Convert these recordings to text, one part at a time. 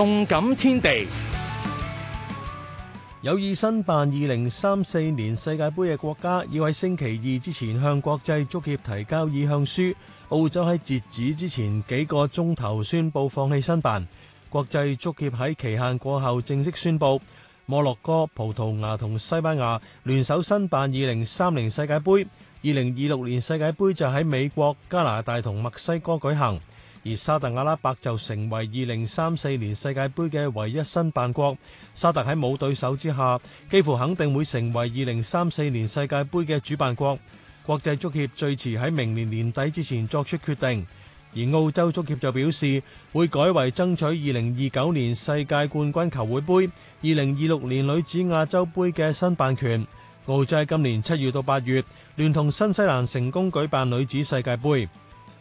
動感天地。有意申辦二零三四年世界杯嘅國家，要喺星期二之前向國際足協提交意向書。澳洲喺截止之前幾個鐘頭宣布放棄申辦。國際足協喺期限過後正式宣布，摩洛哥、葡萄牙同西班牙聯手申辦二零三零世界杯。二零二六年世界杯就喺美國、加拿大同墨西哥舉行。而沙特阿拉伯就成為二零三四年世界盃嘅唯一申辦國。沙特喺冇對手之下，幾乎肯定會成為二零三四年世界盃嘅主辦國。國際足協最遲喺明年年底之前作出決定。而澳洲足協就表示會改為爭取二零二九年世界冠軍球會盃、二零二六年女子亞洲盃嘅申辦權。澳洲今年七月到八月聯同新西蘭成功舉辦女子世界盃。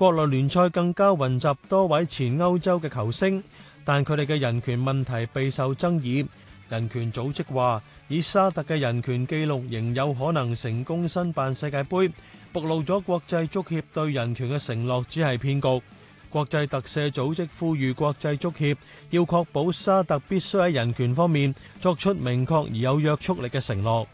國內聯賽更加雲集多位前歐洲嘅球星，但佢哋嘅人權問題備受爭議。人權組織話，以沙特嘅人權記錄，仍有可能成功申辦世界盃，暴露咗國際足協對人權嘅承諾只係騙局。國際特赦組織呼籲國際足協要確保沙特必須喺人權方面作出明確而有約束力嘅承諾。